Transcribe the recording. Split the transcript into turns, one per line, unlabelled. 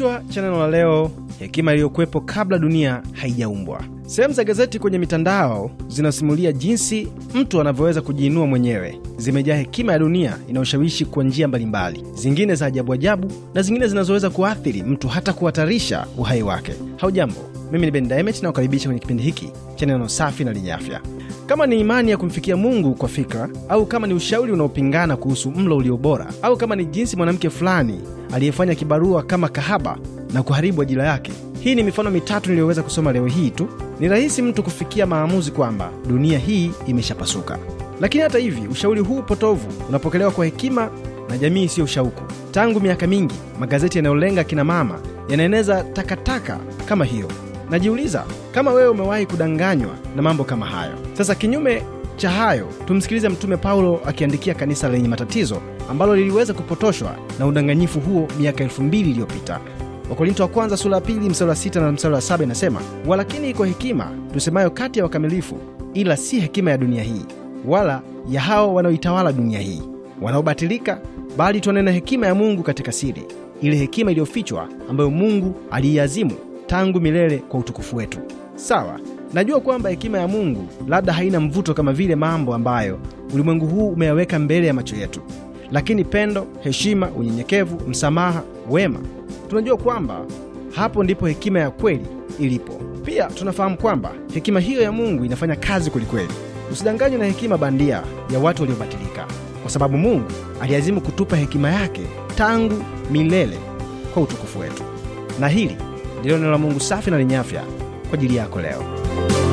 Kichwa cha neno la leo, hekima iliyokuwepo kabla dunia haijaumbwa. Sehemu za gazeti kwenye mitandao zinasimulia jinsi mtu anavyoweza kujiinua mwenyewe. Zimejaa hekima ya dunia inayoshawishi kwa njia mbalimbali, zingine za ajabu ajabu na zingine zinazoweza kuathiri mtu hata kuhatarisha uhai wake. Haujambo, mimi ni Ben naokaribisha na kwenye kipindi hiki cha neno safi na lenye afya. Kama ni imani ya kumfikia Mungu kwa fikra, au kama ni ushauri unaopingana kuhusu mlo ulio bora, au kama ni jinsi mwanamke fulani aliyefanya kibarua kama kahaba na kuharibu ajira yake. Hii ni mifano mitatu niliyoweza kusoma leo hii tu. Ni rahisi mtu kufikia maamuzi kwamba dunia hii imeshapasuka, lakini hata hivi ushauri huu potovu unapokelewa kwa hekima na jamii isiyo shauku. Tangu miaka mingi magazeti yanayolenga kina mama yanaeneza takataka kama hiyo. Najiuliza kama wewe umewahi kudanganywa na mambo kama hayo. Sasa kinyume cha hayo tumsikilize Mtume Paulo akiandikia kanisa lenye matatizo ambalo liliweza kupotoshwa na udanganyifu huo miaka elfu iliyopita. Wakorinto wa kwanza sura ya pili mstari wa sita na mstari wa saba inasema, walakini iko hekima tusemayo kati ya wakamilifu, ila si hekima ya dunia hii, wala ya hawo wanaoitawala dunia hii wanaobatilika, bali twanena hekima ya Mungu katika siri, ile hekima iliyofichwa ambayo Mungu aliiazimu tangu milele kwa utukufu wetu. Sawa, Najua kwamba hekima ya Mungu labda haina mvuto kama vile mambo ambayo ulimwengu huu umeyaweka mbele ya macho yetu, lakini pendo, heshima, unyenyekevu, msamaha, wema, tunajua kwamba hapo ndipo hekima ya kweli ilipo. Pia tunafahamu kwamba hekima hiyo ya Mungu inafanya kazi kwelikweli. Usidanganywe na hekima bandia ya watu waliobatilika, kwa sababu Mungu aliazimu kutupa hekima yake tangu milele kwa utukufu wetu. Na hili ndilo neno la Mungu safi na lenye afya kwa ajili yako leo.